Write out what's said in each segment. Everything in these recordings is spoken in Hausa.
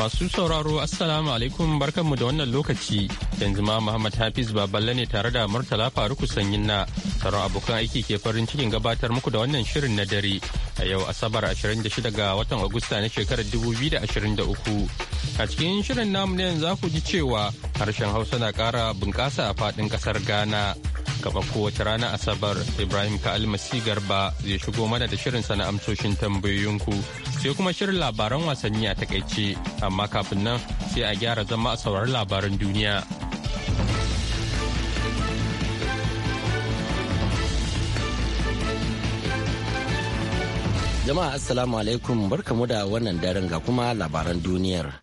Masu sauraro Assalamu alaikum barkanmu da wannan lokaci yanzu ma Muhammad Hafiz Baballe ne tare da Murtala Faruku Sanyin na sauran abokan aiki ke farin cikin gabatar muku da wannan shirin na dare a yau Asabar 26 ga watan Agusta na shekarar 2023. A cikin shirin namu ne yanzu ku ji cewa harshen Hausa na ƙara bunƙasa a faɗin ƙasar Ghana. Gaba kowace rana Asabar Ibrahim kalmasi Garba zai shigo mana da shirin sana amsoshin tambayoyinku. sai kuma shirin labaran wasanni a takaice amma kafin nan sai a gyara zama a saurari labaran duniya jama'a assalamu alaikum barkamu da wannan daren ga kuma labaran duniyar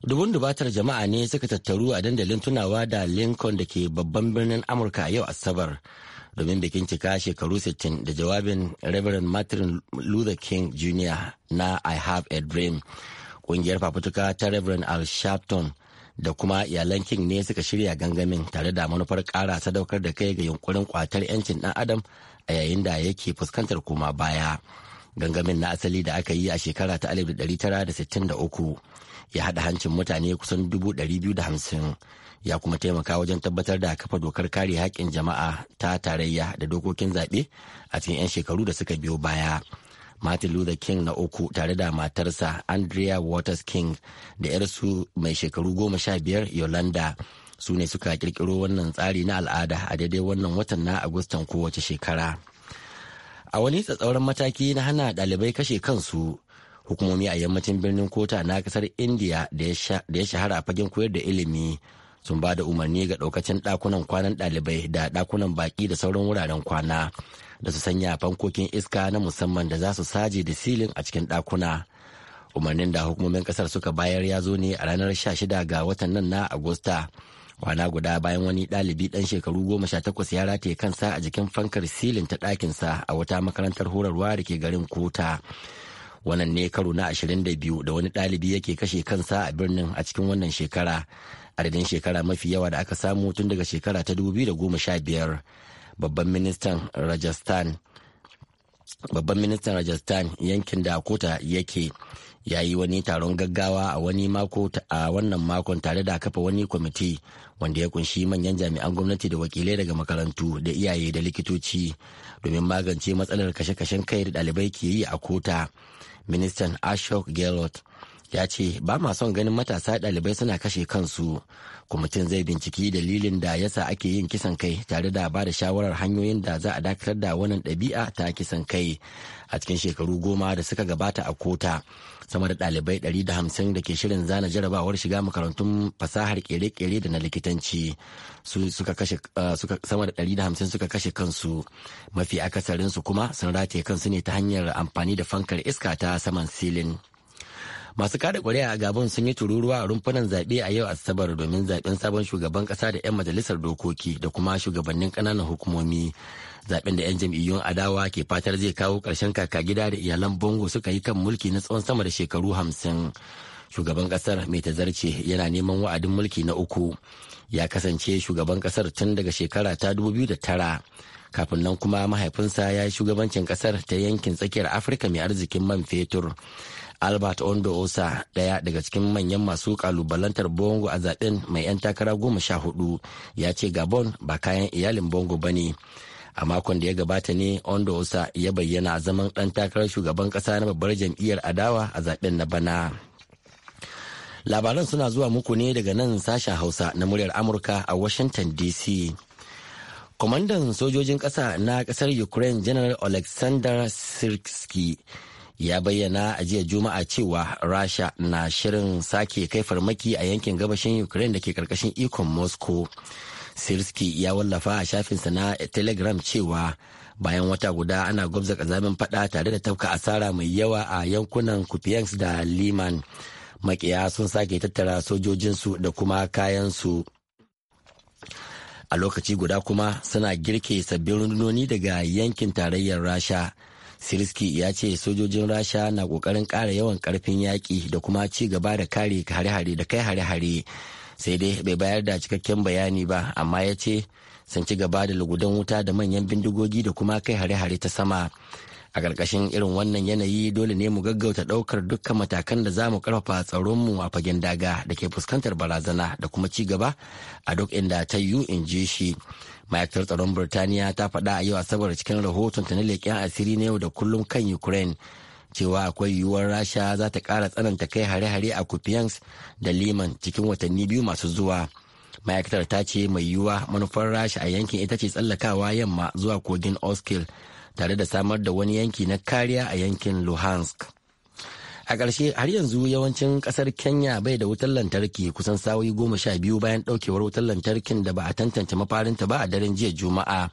dubun dubatar jama'a ne suka tattaru a dandalin tunawa da lincoln da ke babban birnin amurka yau asabar domin bikin cika shekaru 60 da jawabin Reverend Martin Luther King Jr. na I Have a Dream. Kungiyar fafutuka ta Reverend Al Sharpton da kuma iyalan King ne suka shirya gangamin tare da manufar kara sadaukar da kai ga yunkurin kwatar 'yancin ɗan adam a yayin da yake fuskantar koma baya. Gangamin na asali da aka yi a shekara ta 1963 ya haɗa hancin mutane kusan 250 ya kuma taimaka wajen tabbatar da kafa dokar kare haƙƙin jama'a ta tarayya da dokokin zaɓe a cikin 'yan shekaru da suka biyo baya. Martin Luther King na uku tare da matarsa Andrea Waters King da 'yarsu mai shekaru goma sha biyar Yolanda su ne suka kirkiro wannan tsari na al'ada a daidai wannan watan na Agustan kowace shekara. A wani tsatsauran mataki na hana ɗalibai kashe kansu hukumomi a yammacin birnin kota na kasar India da ya shahara a fagen koyar da ilimi sun ba da umarni ga ɗaukacin ɗakunan kwanan ɗalibai da ɗakunan baƙi da sauran wuraren kwana da su sanya fankokin iska na musamman da za su saje da silin a cikin ɗakuna umarnin da hukumomin ƙasar suka bayar ya zo ne a ranar 16 ga watan nan na agusta kwana guda bayan wani ɗalibi ɗan shekaru goma sha takwas ya rataye kansa a jikin fankar silin ta ɗakinsa a wata makarantar horarwa da ke garin kota wannan ne karo na ashirin da biyu da wani ɗalibi yake kashe kansa a birnin a cikin wannan shekara adadin shekara mafi yawa da aka samu tun daga shekara ta 2015 babban ministan rajasthan babban ministan rajasthan yankin da kota yake ya yi wani taron gaggawa a wani mako a wannan makon tare da kafa wani kwamiti wanda ya kunshi manyan jami'an gwamnati da wakilai daga makarantu da iyaye da likitoci domin magance matsalar kashe-kashen kai da ɗalibai ke yi a kota ministan ashok gelot ya ce ba ma son ganin matasa ɗalibai suna kashe kansu kwamitin zai binciki dalilin da yasa ake yin kisan kai tare da ba da shawarar hanyoyin da za a dakatar da wannan ɗabi'a ta kisan kai a cikin shekaru goma da suka gabata a kota sama da ɗalibai 150 da ke shirin zana jarabawar shiga makarantun fasahar kere-kere da na likitanci eh, sama da 150 suka kashe kansu mafi akasarinsu kuma sun rataye kansu ne ta hanyar amfani da fankar iska ta saman silin. masu kada kuri'a a gabon sun yi tururuwa a rumfunan zaɓe a yau asabar domin zaɓen sabon shugaban ƙasa da 'yan majalisar dokoki da kuma shugabannin ƙananan hukumomi zaɓen da 'yan jam'iyyun adawa ke fatar zai kawo ƙarshen kaka gida da iyalan bongo suka yi kan mulki na tsawon sama da shekaru hamsin shugaban ƙasar mai ta tazarce yana neman wa'adin mulki na uku ya kasance shugaban ƙasar tun daga shekara ta 2009 kafin nan kuma mahaifinsa ya yi shugabancin ƙasar ta yankin tsakiyar afirka mai arzikin man fetur albert ondo osa daya daga cikin manyan masu kalubalantar bongo a zaɓen mai 'yan takara goma sha hudu ya ce gabon ba kayan iyalin bongo ba ne a makon da ya gabata ne ondo osa ya bayyana a zaman dan takarar shugaban ƙasa na babbar jam'iyyar adawa a zaɓen na bana labaran suna zuwa muku ne daga nan sashen hausa na muryar amurka a washington dc kwamandan sojojin ƙasa na ƙasar ukraine general alexander sirski ya bayyana a jiya juma'a cewa rasha na shirin sake kai farmaki a yankin gabashin ukraine da ke karkashin ikon moscow sirski ya wallafa a shafinsa na telegram cewa bayan wata guda ana gwabza kazamin fada tare da tafka asara mai yawa a yankunan kupiansk da liman makiya sun sake tattara sojojinsu da kuma kayansu a lokaci guda kuma suna girke sabbin rundunoni daga yankin tarayyar rasha siriski ya ce sojojin rasha na kokarin ƙara yawan karfin yaƙi da kuma ci gaba da kare hare-hare da kai hare-hare sai dai bai bayar da cikakken bayani ba amma ya ce sun ci gaba da lugudan wuta da manyan bindigogi da kuma kai hare-hare ta sama a ƙarƙashin irin wannan yanayi dole ne mu gaggauta ɗaukar dukkan matakan da za mu ƙarfafa tsaronmu a fagen daga da ke fuskantar barazana da kuma ci gaba a duk inda ta yiwu in ji shi ma'aikatar tsaron birtaniya ta faɗa a yau asabar cikin rahoton ta na leƙen asiri na yau da kullum kan ukraine cewa akwai yiwuwar rasha za ta ƙara tsananta kai hare-hare a kupians da liman cikin watanni biyu masu zuwa ma'aikatar ta ce mai yiwuwa manufar rasha a yankin ita ce tsallakawa yamma zuwa kogin oskil tare da samar da wani yanki na kariya a yankin luhansk a ƙarshe har yanzu yawancin ƙasar kenya bai da wutar lantarki kusan sawoyi goma sha biyu bayan ɗaukewar wutar lantarkin da ba a tantance mafarinta ba a daren jiya juma'a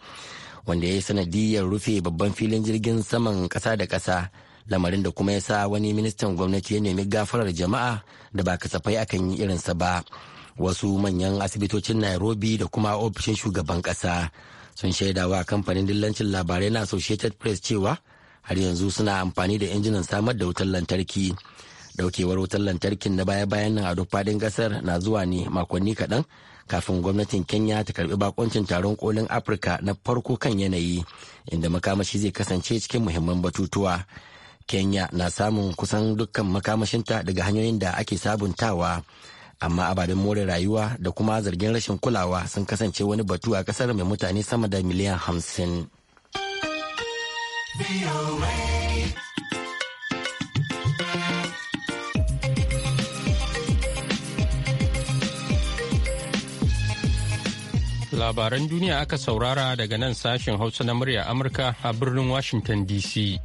wanda ya yi sanadiyar rufe babban filin jirgin saman ƙasa da ƙasa lamarin da kuma ya sa wani ministan gwamnati ya nemi gafarar jama'a da ba kasafai akan yi irinsa ba wasu manyan asibitocin nairobi da kuma ofishin shugaban ƙasa sun shaidawa kamfanin dillancin labarai na associated press cewa har yanzu suna amfani da injinan samar da wutar lantarki daukewar wutar lantarkin na baya-bayan nan a duk fadin kasar na zuwa ne makonni kaɗan kafin gwamnatin kenya ta karbi bakoncin taron kolin afirka na farko kan yanayi inda makamashi zai kasance cikin muhimman batutuwa kenya na samun kusan dukkan makamashinta daga hanyoyin da ake sabuntawa amma ababen more rayuwa da kuma zargin rashin kulawa sun kasance wani batu a kasar mai mutane sama da miliyan hamsin. Labaran duniya aka saurara daga nan sashen Hausa na murya Amurka a birnin Washington DC.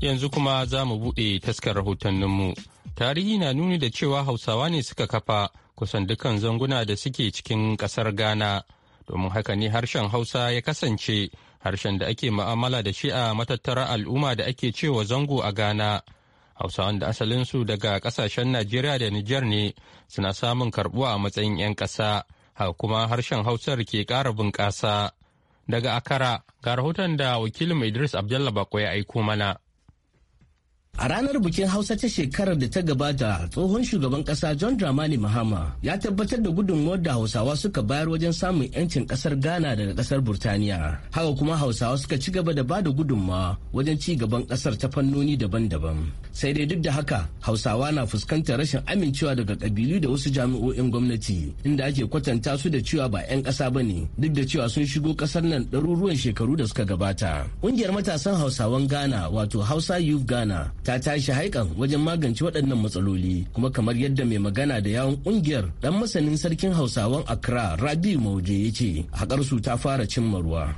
Yanzu kuma za mu buɗe taskar rahotanninmu. Tarihi na nuni da cewa Hausawa ne suka kafa kusan dukan zanguna da suke cikin ƙasar Ghana. Domin haka ne harshen Hausa ya kasance harshen da ake ma'amala da shi a matattara al'umma da ake cewa zango a Ghana. Hausawan da asalinsu daga ƙasashen Najeriya da Nijar ne suna samun karbuwa a matsayin 'yan ƙasa, haka kuma harshen Hausar ke ƙara bunƙasa. Daga Akara, ga rahoton da wakilin Idris Abdullah Bako ya aiko mana. A ranar bikin Hausa ta shekarar da ta gabata, tsohon shugaban kasa John Dramani Mahama ya tabbatar da gudunmuwar da Hausawa suka bayar wajen samun 'yancin kasar Ghana daga kasar Burtaniya. Haka kuma Hausawa suka ci gaba da bada gudunmawa wajen ci gaban kasar ta fannoni daban-daban. Sai dai duk da haka, Hausawa na fuskantar rashin amincewa daga kabilu da wasu jami'o'in gwamnati, inda ake kwatanta su da cewa ba 'yan kasa ba ne, duk da cewa sun shigo kasar nan ɗaruruwan shekaru da suka gabata. Ƙungiyar matasan Hausawan Ghana, wato Hausa Youth Ghana, ta tashi haikan wajen magance waɗannan matsaloli kuma kamar yadda mai magana da yawon ƙungiyar ɗan masanin sarkin hausawan accra rabi mauje ya ce haƙarsu ta fara cimma ruwa.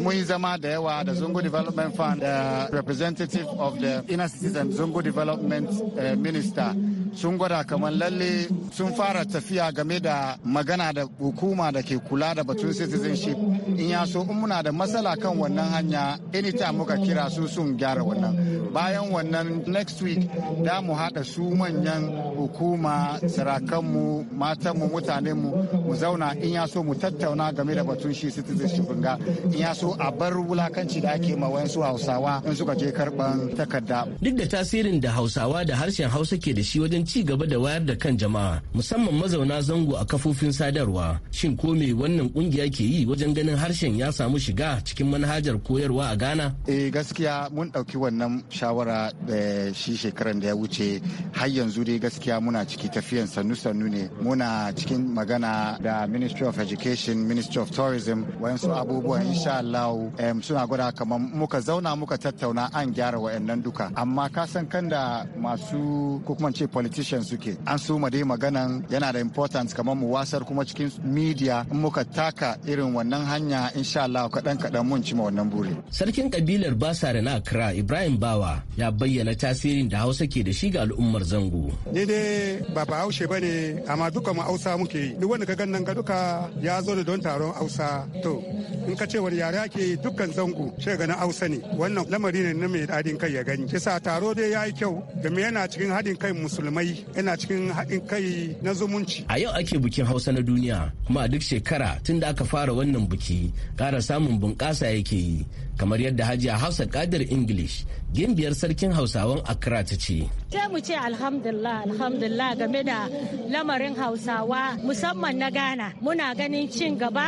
mun yi zama da yawa da zungu development fund da representative of the inner citizen zungu development eh, minister sun gwada kamar lalle sun fara tafiya game da magana da hukuma da ke kula da batun citizenship in ya so in muna da matsala kan wannan hanya anytime muka kira su sun gyara wannan bayan wannan next week da mu haɗa su manyan hukuma sarakanmu matanmu mutanenmu mu zauna in ya so mu tattauna game da batun shi citizenship ga in ya so a bar wulakanci da ake ma wayansu hausawa in suka je karban takarda duk da tasirin da hausawa da harshen hausa ke da shi wajen ci gaba da wayar da kan jama'a musamman mazauna zango a kafofin sadarwa shin ko me wannan kungiya ke yi wajen ganin harshen ya samu shiga cikin manhajar koyarwa a ghana eh gaskiya mun ɗauki wannan shawara ta shi shekaran da ya wuce har yanzu dai gaskiya muna ciki tafiyan sannu-sannu ne muna cikin magana da ministry of education ministry of tourism wayansu abubuwan insha Allah suna gwada kamar muka zauna muka tattauna an gyara wayannan duka amma ka san kan da masu ko kuma ce politicians suke an ma dai maganan yana da importance kamar mu wasar kuma cikin media in muka taka irin wannan hanya insha Allah kaɗan kaɗan mun cima wannan buri sarkin kabilar basa da na Accra Ibrahim Bawa ya bayyana tasirin da hausa ke da shi ga al'ummar zango ni dai ba ba haushe ba ne amma duka mu hausa muke yi duk wanda ka gan nan duka ya zo da don taron hausa to in ka ce wani yare ake yi dukkan zango shi ga na hausa ne wannan lamari ne na mai daɗin kai ya gani kisa taro dai ya yi kyau me yana cikin haɗin kai musulmai yana cikin haɗin kai na zumunci a yau ake bikin hausa na duniya kuma a duk shekara tun da aka fara wannan biki ƙara samun bunƙasa yake yi kamar yadda hajiya hausa kadar english gimbiyar sarkin hausawan accra ta ce sai mu ce alhamdulillah alhamdulillah game da lamarin hausawa musamman na ghana muna ganin cin gaba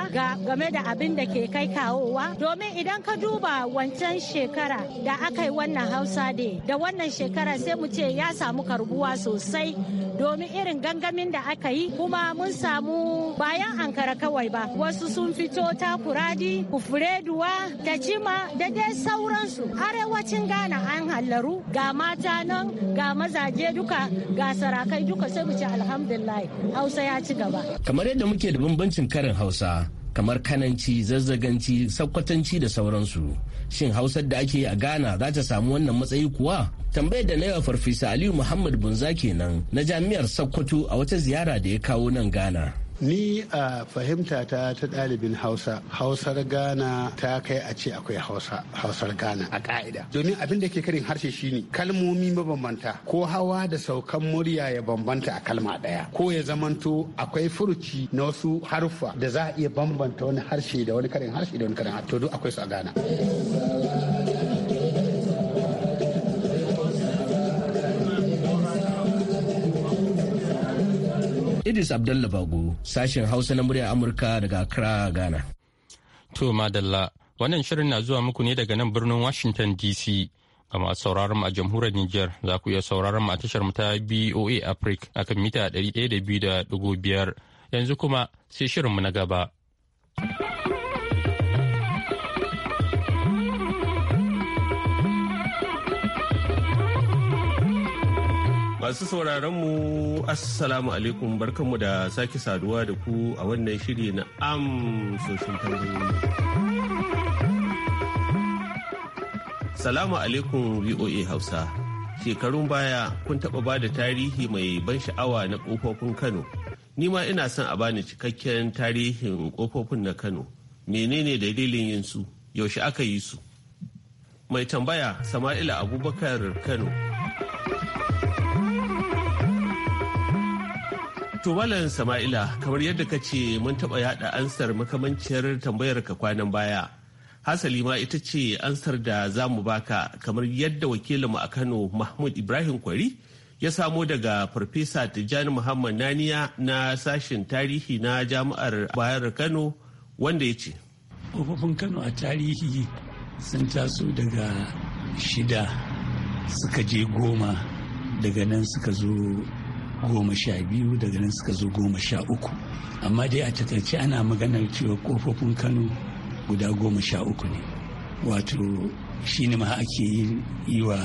game da abin da ke kai kawowa domin idan ka duba wancan shekara da aka yi wannan hausa da wannan shekara sai mu ce ya samu karbuwa sosai domin irin gangamin da aka yi kuma mun samu bayan ankara kawai ba wasu sun fito takuradi kufureduwa ta cima da dai sauransu arewacin ghana an hallaru ga mata nan ga mazaje duka ga sarakai duka sai mu ci alhamdulillah hausa ya ci gaba kamar yadda muke da bambancin karin hausa kamar kananci zazzaganci sakkwatanci da sauransu shin hausar da ake a ghana za ta samu wannan matsayi kuwa tambayar da na yawa farfesa aliyu muhammad bunza kenan na jami'ar sakkwato a wata ziyara da ya kawo nan ghana ni a fahimta ta ta ɗalibin hausa hausar ghana ta kai a ce akwai hausa hausar ghana a ka'ida domin abin da ke karin harshe shine kalmomi mabambanta ko hawa da saukan murya ya bambanta a kalma ɗaya ko ya zamanto akwai furuci na wasu haruffa da za a iya bambanta wani harshe da wani karin harshe da wani karin harshe to duk akwai su a ghana Idris Abdullah Bago, sashen Hausa na muryar Amurka daga Accra, Ghana. To madalla, wannan shirin na zuwa muku ne daga nan birnin Washington DC. Ga masu sauraron a jamhuriyar niger za ku iya sauraron a tashar mu ta BOA Africa akan mita 102.5 yanzu kuma sai shirinmu na gaba. Masu sauraron mu Assalamu alaikum barkanmu da sake saduwa da ku a wannan shiri na amsoshin tambayoyi. Salamu alaikum VOA Hausa. Shekarun baya kun taɓa ba da tarihi mai ban sha'awa na ƙofofin Kano. Ni ma ina son a bani cikakken tarihin ƙofofin na Kano. Menene dalilin yin su? Yaushe aka yi su? Mai tambaya Sama'ila Abubakar Kano. to malam sama'ila kamar yadda ka ce mun taɓa yaɗa ansar makamanciyar tambayar ka kwanan baya hasali ma ita ce ansar da za mu baka kamar yadda wakilinmu a kano mahmud ibrahim kwari ya samo daga farfesa tijjani muhammad naniya na sashen tarihi na jami'ar bayar kano wanda ya ce kofofin kano a tarihi sun taso daga shida suka je goma daga nan suka zo goma sha biyu daga nan suka zo goma sha uku amma dai a takaice ana maganar cewa kofofin kano guda goma sha uku ne wato shi ma ake yi wa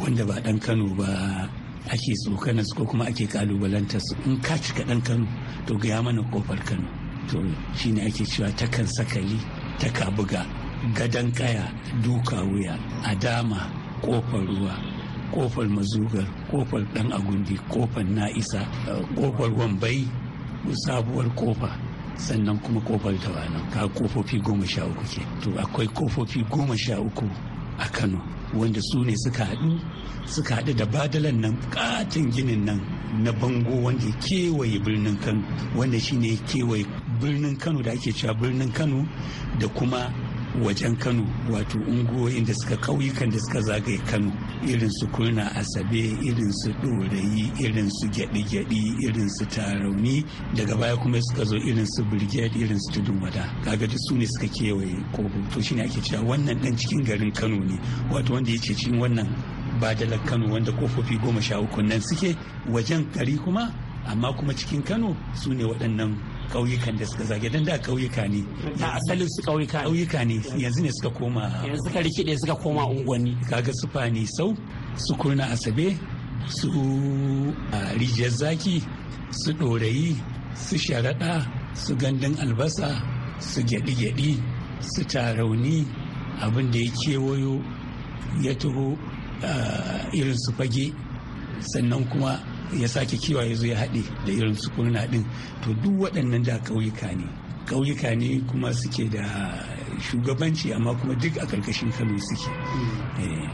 wanda ba dan kano ba ake tsokanar ko kuma ake kalubalantar su in ka cika dan kano to gaya mana kofar kano to shine ake cewa ta kan sakali ta buga gadon kaya duka wuya adama kofar ruwa kofar mazugar kofar dan agundi kofar na'isa kofar wambai sabuwar kofa sannan kuma kofar tawana ka kofofi goma sha uku ke to akwai kofofi goma sha uku a kano wanda su ne suka haɗu suka haɗu da badalan nan katin ginin nan na bango wanda kewaye birnin kano wanda shine kewaye birnin kano da ake cewa birnin kano da kuma wajen kano wato unguwoyin da suka kauyukan da suka zagaye kano irin su kurna asabe irin su Dorayi irin su gyaɗi-gyaɗi irin su tarauni daga baya kuma suka zo irin su brigade irin su tudun wada kaga duk su ne suka kewaye kogo to shine ake cewa wannan dan cikin garin kano ne wato wanda ya ce cikin wannan badalar kano wanda kofofi goma sha uku nan suke wajen gari kuma amma kuma cikin kano su ne waɗannan kauyukan da suka zage don da ƙauyuka ne a asalin su ƙauyuka ƙauyuka ne yanzu ne suka koma yanzu suka rikide suka koma unguwanni kaga su fani sau su kurna asabe su rijiyar zaki su ɗorayi su sharaɗa su gandun albasa su gyaɗi-gyaɗi su tarauni abin da ya kewayo ya taho irin su fage sannan kuma ya sake kiwa ya zo ya haɗe da irin su kurna ɗin to duk waɗannan da ƙauyuka ne ƙauyuka ne kuma suke da shugabanci amma kuma duk a ƙarƙashin kano suke mm. eh.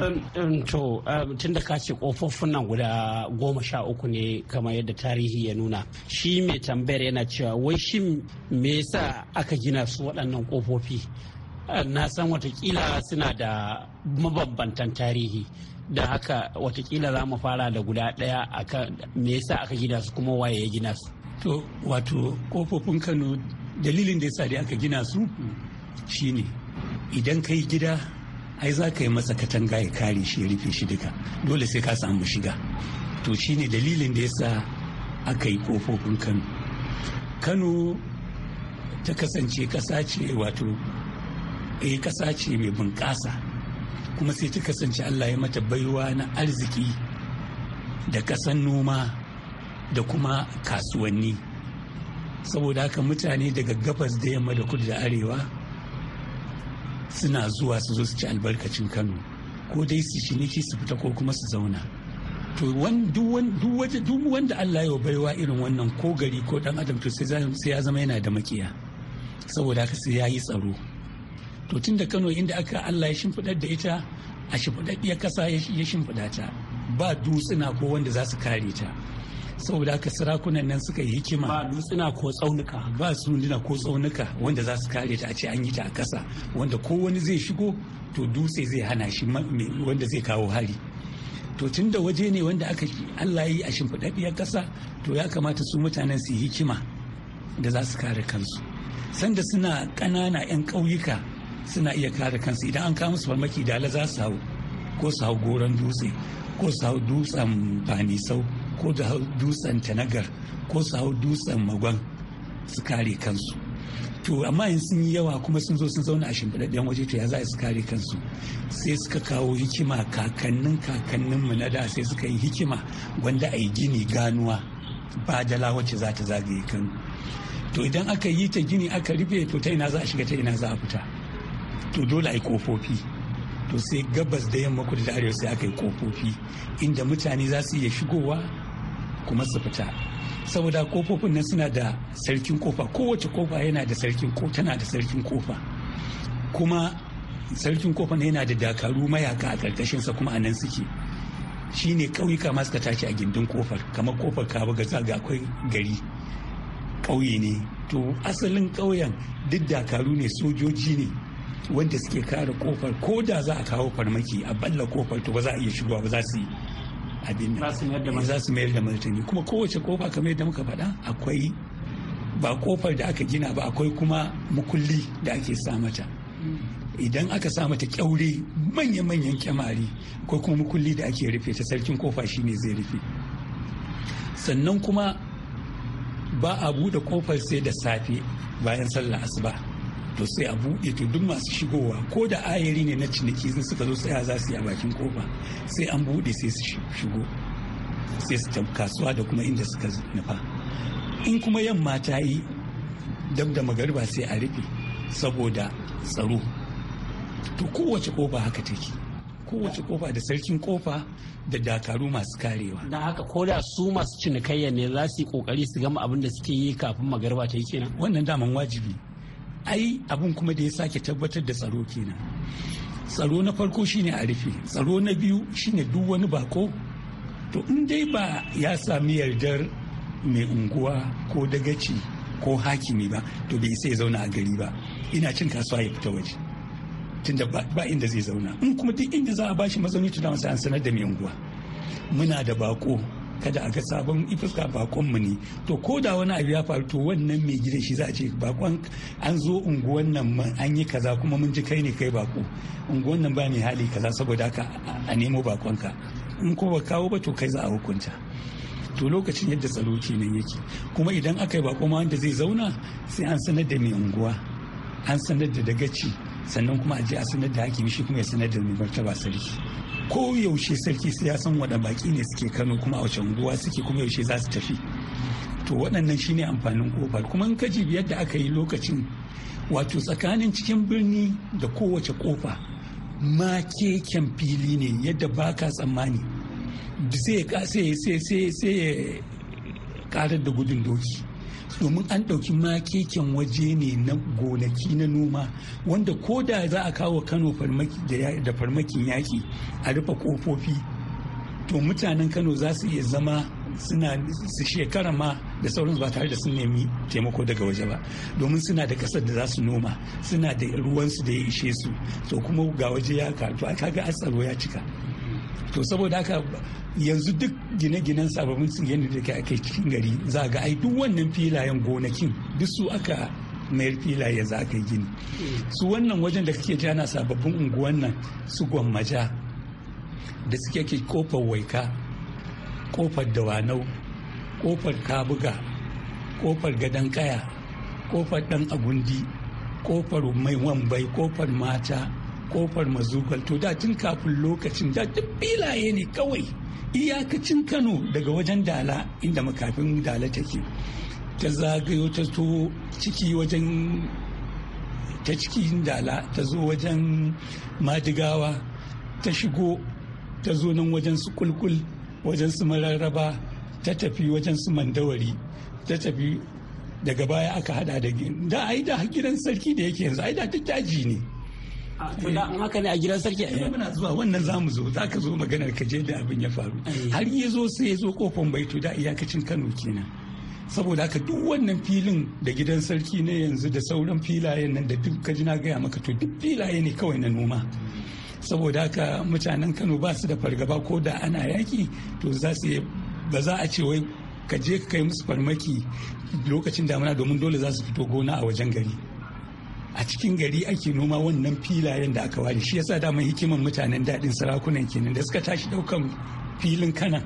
um, um, to um, tun da ka ce kofofin nan guda goma sha uku ne kamar yadda tarihi ya nuna shi mai tambayar yana cewa wai shi me yasa aka gina su waɗannan kofofi uh, na san watakila suna da mabambantan tarihi da haka watakila za mu fara da guda ɗaya akan me yasa aka gina su kuma waye ya gina su to wato kofofin kano dalilin da yasa dai aka gina su shine idan kai gida ai za ka yi masa katanga ya kare shi ya rufe shi duka dole sai ka samu shiga to shine dalilin da yasa aka yi kofofin kano kano ta kasance kasa ce wato eh kasa ce mai bunƙasa kuma sai ta kasance Allah ya mata baiwa na arziki da kasan noma da kuma kasuwanni saboda haka mutane daga gabas da yamma da kudu da arewa suna zuwa su zo su ci albarkacin kano ko dai su ciniki su fita ko kuma su zauna to duk wanda allah ya baiwa irin wannan ko gari ko dan adam to sai ya zama yana da makiya saboda haka sai ya yi tsaro to tun da kano inda aka allah ya shimfiɗa da ita a shimfiɗaɗɗiyar ƙasa ya shimfiɗa ta ba dutsuna ko wanda za su kare ta saboda haka sarakunan nan suka yi hikima ba dutsuna ko tsaunuka ba sunduna ko tsaunuka wanda za su kare ta a ce an yi ta a ƙasa wanda ko wani zai shigo to dutse zai hana shi wanda zai kawo hari to tun da waje ne wanda aka allah yi a shimfiɗaɗɗiyar ƙasa to ya kamata su mutanen su yi hikima da za su kare kansu sanda suna ƙanana 'yan ƙauyuka suna iya kare kansu idan an kawo musu farmaki dala za su hau ko su hau goron dutse ko su hau dutsen fanisau ko su hau dutsen tanagar ko su hau dutsen magon su kare kansu to amma yin sun yi yawa kuma sun zo sun zauna a shimfiɗaɗɗen waje to ya za su kare kansu sai suka kawo hikima kakannin kakannin mu na da sai suka yi hikima wanda a yi gini ganuwa ba dala wacce za ta zagaye kanu to idan aka yi ta gini aka rufe to ta ina za a shiga ta ina za a fita to dole a yi kofofi to sai gabas da yamma kudu da arewa sai aka yi kofofi inda mutane za su iya shigowa kuma su fita saboda kofofin nan suna da sarkin kofa kowace kofa yana da sarkin ko tana da sarkin kofa kuma sarkin kofa yana da dakaru mayaka a sa kuma a nan suke shi ne ƙauyuka masu ka tashi a gindin kofar kamar kofar kabu ga akwai gari ƙauye ne to asalin ƙauyen duk dakaru ne sojoji ne wanda suke kare kofar ko da za a kawo farmaki a balla kofar to ba za a iya shigowa ba za su yi abin nan za su mayar da martani kuma kowace kofa kamar yadda muka faɗa akwai ba kofar da aka gina ba akwai kuma mukulli da ake sa mata idan aka sa mata kyaure manya-manyan kyamari akwai kuma mukulli da ake rufe ta sarkin kofa shine zai rufe sannan kuma ba a buɗe kofar sai da safe bayan sallah asuba to sai a buɗe to duk masu shigowa ko da ayari ne na ciniki sun suka zo tsaya za su yi a bakin kofa sai an buɗe sai su shigo sai su kasuwa da kuma inda suka nufa in kuma yamma ta yi dab da magariba sai a rufe saboda tsaro to kowace kofa haka take kowace kofa da sarkin kofa da dakaru masu karewa na haka ko da su masu cinikayya ne za su yi kokari su gama abin da suke yi kafin magariba ta yi kenan wannan daman wajibi ai abin kuma da ya sake tabbatar da tsaro kenan tsaro na farko shine a rufe tsaro na biyu shine duk wani bako to in dai ba ya sami yardar mai unguwa ko dagaci ko hakimi ba to bai sai zauna a gari ba ina cin kasuwa ya fita waje tunda ba inda zai zauna in kuma duk inda za a bashi mazauni to da an sanar da mai unguwa muna da bako kada a ga sabon ifuska bakon mu ne to ko da wani abu ya faru to wannan mai gidan shi za a ce bakon an zo unguwan nan an yi kaza kuma mun ji kai ne kai bako unguwan nan ba mai hali kaza saboda haka a nemo ka in ko ba kawo ba to kai za a hukunta to lokacin yadda tsaro kenan yake kuma idan aka yi bako ma wanda zai zauna sai an sanar da mai unguwa an sanar da dagaci sannan kuma a je a sanar da hakimi shi kuma ya sanar da mai martaba sarki ko yaushe sarki sai ya san wada baki ne suke kano kuma a wace unguwa suke kuma yaushe za su tafi to waɗannan shine amfanin kofar kuma in biyar yadda aka yi lokacin wato tsakanin cikin birni da kowace kofa ma keken fili ne yadda ba ka tsammani sai ya karar da gudun doki domin an ɗauki ma waje ne na gonaki na noma wanda ko da za a kawo kano da farmakin yaƙi a rufe ƙofofi to mutanen kano za su iya zama suna su shekara ma da sauransu ba tare da sun nemi taimako daga waje ba domin suna da ƙasar da za su noma suna da ruwansu da ya ishe su to kuma ga waje ya to aka ga tsaro ya cika to saboda haka yanzu duk gine-ginen sababbin yadda da ake cikin gari za ga ai duk wannan filayen gonakin duk su aka mayar filaye za ka gini su wannan wajen da kake jana sababbin unguwan nan su gwammaja da suke ke kofar waika kofar dawanau kofar kabuga kofar gadon kaya kofar dan agundi kofar mai wambai kofar mata kofar mazugal to da tun kafin lokacin da duk filaye ne kawai iyakacin kano daga wajen dala inda makafin dala take ta zagayo ta to ciki wajen ta cikin dala ta zo wajen madigawa ta shigo ta zo nan wajen su kulkul wajen su mararraba ta tafi wajen su mandawari ta tafi daga baya aka hada da da yi da gidan sarki da yake yanzu ai da ta daji ne haka ne a gidan sarki a zuwa wannan zamu zo za ka zo maganar ka je da abin ya faru eh. har ya zo sai ya zo kofan baito da iyakacin kano kenan saboda haka duk wannan filin da gidan sarki ne yanzu da sauran filayen nan da duk kaji na gaya maka to duk filaye ne kawai na noma saboda haka mutanen kano ba su da fargaba ko da ana yaki to za su ba za a ce wai ka je ka kai musu farmaki lokacin damuna domin dole za su fito gona a wajen gari a cikin gari ake noma wannan filayen da aka ware shi yasa daman hikiman mutanen daɗin sarakunan kenan da suka tashi ɗaukan filin kana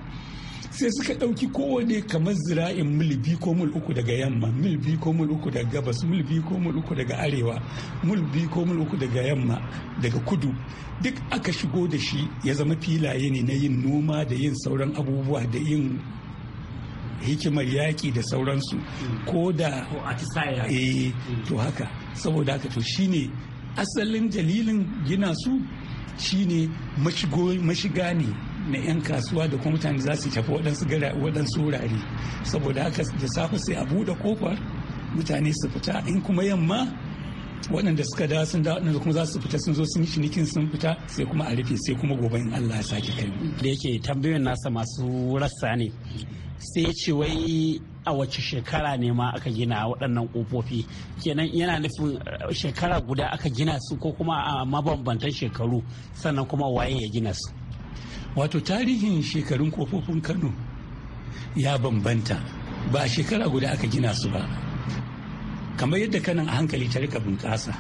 sai suka ɗauki kowane kamar zira'in mil biyu ko mil uku daga yamma mil biyu ko mil uku daga gabas mil biyu ko mil uku daga arewa mil biyu ko mil uku daga yamma daga kudu duk aka shigo da shi ya zama filaye ne na yin noma da yin sauran abubuwa da yin hikimar yaƙi da sauransu mm. ko da E, to haka saboda haka to shine asalin dalilin gina su shine mashiga ne na 'yan kasuwa da kuma mutane za su tafi waɗansu wurare saboda haka da safe sai a buɗe kofar mutane su fita in kuma yamma waɗanda suka da sun da waɗanda kuma za su fita sun zo sun yi cinikin sun fita sai kuma a rufe sai kuma gobe in Allah ya sake kai da yake tambayoyin nasa masu rassa ne sai ya ce wai a wace shekara ne ma aka gina waɗannan ƙofofi kenan yana nufin eh, shekara guda aka gina su ko kuma a mabambantan shekaru sannan kuma waye ya gina su wato tarihin shekarun ƙofofin kano ya bambanta ba shekara guda aka gina su ba kamar yadda kanan a hankali ta rika bunƙasa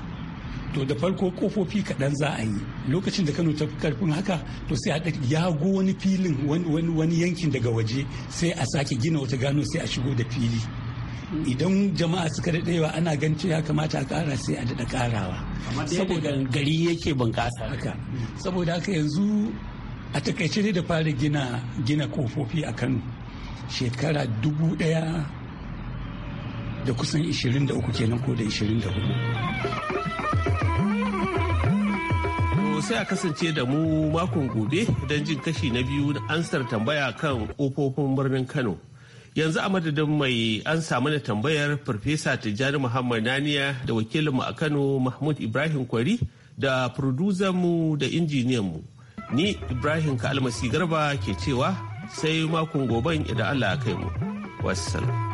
to da farko kofofi kaɗan za a yi lokacin da kano ta fi karfin haka to sai a yago wani filin wani yankin daga waje sai a sake gina wata gano sai a shigo da fili idan jama'a suka da daɗewa ana gan ya kamata a ƙara sai a daɗa ƙarawa saboda gari yake bunƙasa haka saboda haka yanzu a takaice da fara gina gina kofofi a kano shekara dubu ɗaya da kusan 23 kenan ko da 24 sai a kasance da mu makon gobe don jin kashi na biyu na ansar tambaya kan kofofin birnin kano yanzu a madadin mai an samu da tambayar farfesa tijjani muhammad naniya da wakilinmu a kano mahmud ibrahim kwari da mu da mu ni ibrahim kalmasi garba ke cewa sai makon goben idan allah ya kai mu wassalam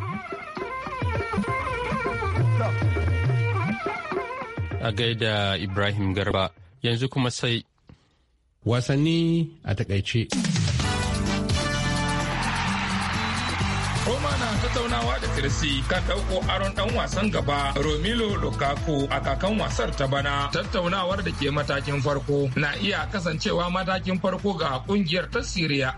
A gaida Ibrahim Garba yanzu kuma sai. Wasanni a takaice. tattaunawa da Chelsea kan ɗauko aron ɗan wasan gaba Romelu Lukaku a kakan wasar ta bana. Tattaunawar da ke matakin farko na iya kasancewa matakin farko ga kungiyar ta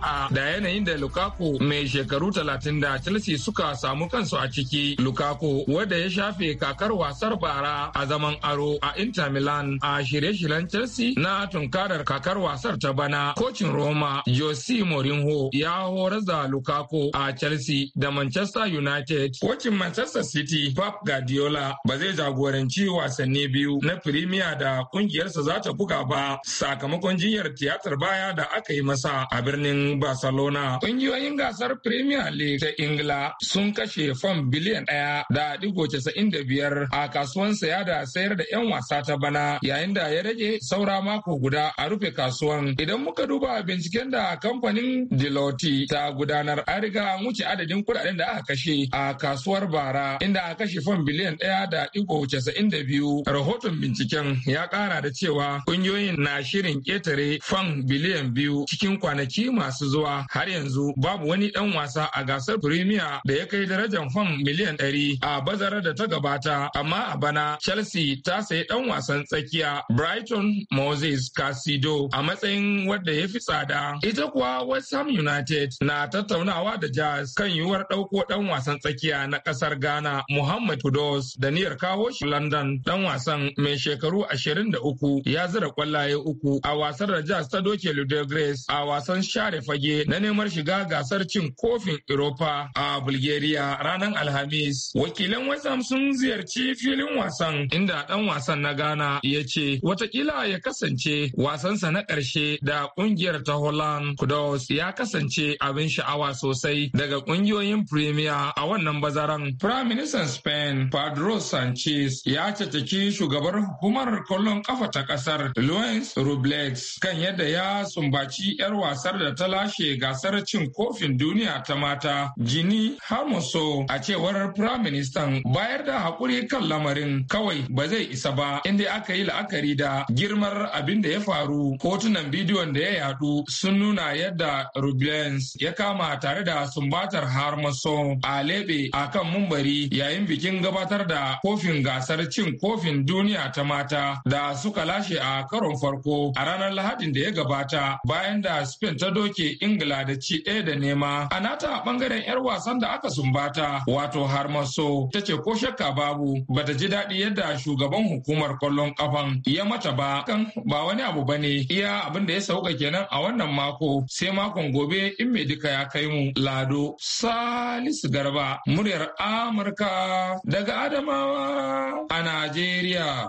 A da yanayin da Lukaku mai shekaru talatin da Chelsea suka samu kansu a ciki. Lukaku wanda ya shafe kakar wasar bara a zaman aro a Inter Milan a shirye-shiryen Chelsea na tunkarar kakar wasar ta bana. Kocin Roma Jose Mourinho ya horar da Lukaku a Chelsea da Manchester United, kocin Manchester City Pep Guardiola ba zai jagoranci wasanni biyu na Premier da kungiyarsa za ta buga ba sakamakon jinyar tiyatar baya da aka yi masa a birnin Barcelona. Kungiyoyin gasar Premier League ta Ingila sun kashe fam biliyan ɗaya da digo casa'in da biyar a kasuwan saya da sayar da 'yan wasa ta bana yayin da ya rage saura mako guda a rufe kasuwan. Idan muka duba binciken da kamfanin Deloitte ta gudanar an riga an wuce adadin kuɗaɗen da aka kashe a kasuwar bara inda a kashe fam biliyan ɗaya da iko casa'in da biyu. Rahoton binciken ya ƙara da cewa ƙungiyoyin na shirin ƙetare fam biliyan biyu cikin kwanaki masu zuwa har yanzu babu wani ɗan wasa a gasar Premier da ya kai darajar fam miliyan ɗari a bazarar da ta gabata amma a bana Chelsea ta sayi ɗan wasan tsakiya Brighton Moses Casido a matsayin wadda ya fi tsada. Ita kuwa West Ham United na tattaunawa da Jazz kan yiwuwar ɗauko dan wasan tsakiya na kasar Ghana Muhammad Kudos da niyar kawo shi London dan wasan mai shekaru 23 ya zira kwallaye uku a wasan da Jazz ta doke Ludo Grace a wasan share fage na neman shiga gasar cin kofin Europa a Bulgaria ranar Alhamis. Wakilan wasan sun ziyarci filin wasan inda dan wasan na Ghana ya ce watakila ya kasance wasansa na ƙarshe da ƙungiyar ta Holland Kudos ya kasance abin sha'awa sosai daga ƙungiyoyin Premier duniya a wannan bazaran. Prime Minister Spain Pedro Sanchez ya cataki shugabar hukumar kwallon kafa ta kasar Luis Robles kan yadda ya sumbaci 'yar wasar da ta lashe gasar cin kofin duniya ta mata Jini Hamoso a cewar Prime Minister bayar da haƙuri kan lamarin kawai ba zai isa ba inda aka yi la'akari da girmar abin da ya faru hotunan bidiyon da ya yadu sun nuna yadda Robles ya kama tare da sumbatar maso A Alebe a kan mumbari yayin bikin gabatar da kofin gasar cin kofin duniya ta mata da suka lashe a karon farko a ranar Lahadin da ya gabata bayan da Spain ta doke Ingila da ci ɗaya da nema. A nata bangaren 'yar wasan da aka sumbata wato Harmaso ta ce ko shakka babu bata ji daɗi yadda shugaban hukumar kwallon kafan ya mata ba kan ba wani abu ba ne. iya abin da ya sauka kenan a wannan mako sai makon gobe in mai duka ya kai mu Lado Salisu su Garba, muryar Amurka daga Adamawa a Najeriya.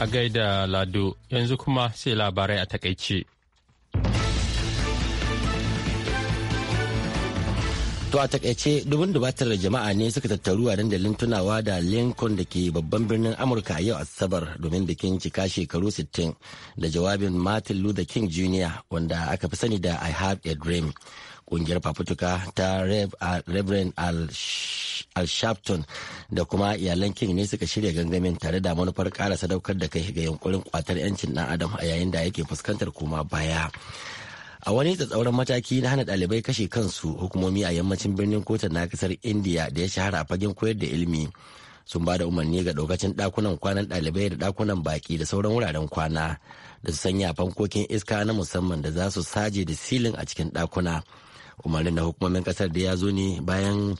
A gaida Lado, yanzu kuma sai labarai a takaice. To a takaice dubin dubatar jama'a ne suka tattaru a dandalin tunawa da Lincoln da ke babban birnin Amurka a yau Asabar domin bikin cika shekaru 60 da jawabin Martin Luther King Jr. wanda aka fi sani da I Have a Dream. Kungiyar fafutuka ta Reverend Al da kuma iyalan King ne suka shirya gangamin tare da manufar kara sadaukar da kai ga yankurin kwatar 'yancin Adam a yayin da yake fuskantar koma baya. a wani tsatsauran mataki na hana dalibai kashe kansu hukumomi a yammacin birnin kotun na kasar indiya da ya shahara a fagen koyar da ilimi sun ba da umarni ga daukacin ɗakunan kwanan ɗalibai da ɗakunan baki da sauran wuraren kwana da su sanya fankokin iska na musamman da za su saje da silin a cikin dakuna umarnin na hukumomin kasar da ya zo ne bayan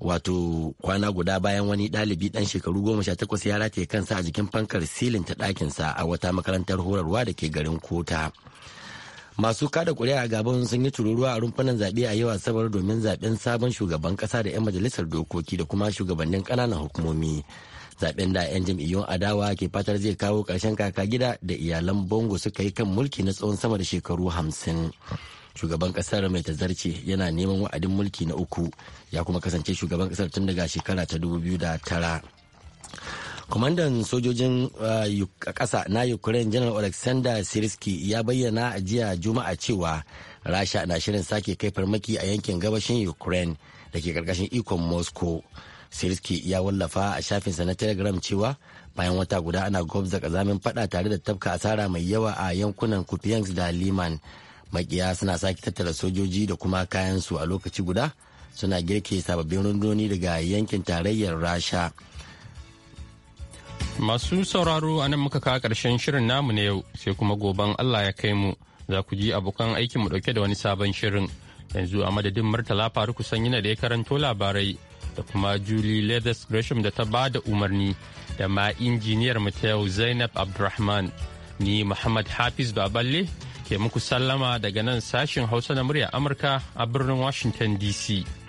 wato kwana guda bayan wani ɗalibi ɗan shekaru goma sha takwas ya rataye kansa a jikin fankar silin ta ɗakinsa a wata makarantar horarwa da ke garin kota masu kada kuri'a a gaban sun yi tururuwa a rumfunan zaɓe a yau asabar domin zaɓen sabon shugaban ƙasa da 'yan majalisar dokoki da kuma shugabannin ƙananan hukumomi zaɓen da 'yan jam'iyyun adawa ke fatar zai kawo ƙarshen kaka gida da iyalan bongo suka yi kan mulki na tsawon sama da shekaru hamsin shugaban ƙasar mai tazarce yana neman wa'adin mulki na uku ya kuma kasance shugaban ƙasar tun daga shekara ta dubu biyu da tara. kwamandan sojojin uh, ƙasa na ukraine general alexander siriski ya bayyana a jiya juma'a cewa rasha na shirin sake kai farmaki a yankin gabashin ukraine da ke karkashin ikon moscow siriski ya wallafa a shafinsa na telegram cewa bayan wata guda ana gwabza kazamin fada tare da tafka asara mai yawa a yankunan kupiansk da liman makiya suna sake tattara sojoji da kuma kayansu a lokaci guda suna girke sababbin rundunoni daga yankin tarayyar rasha Masu sauraro a nan muka kawo ƙarshen shirin namu na yau sai kuma goben Allah ya kai mu za ku ji abokan aikin mu dauke da wani sabon shirin. Yanzu a madadin Murtala Faruku sanyi na da ya karanto labarai da kuma Julie Leathers Gresham da ta ba da umarni da ma injiniyar mu ta yau Zainab Abdulrahman. Ni Muhammad Hafiz Baballe ke muku sallama daga nan sashin Hausa na murya Amurka a birnin Washington DC.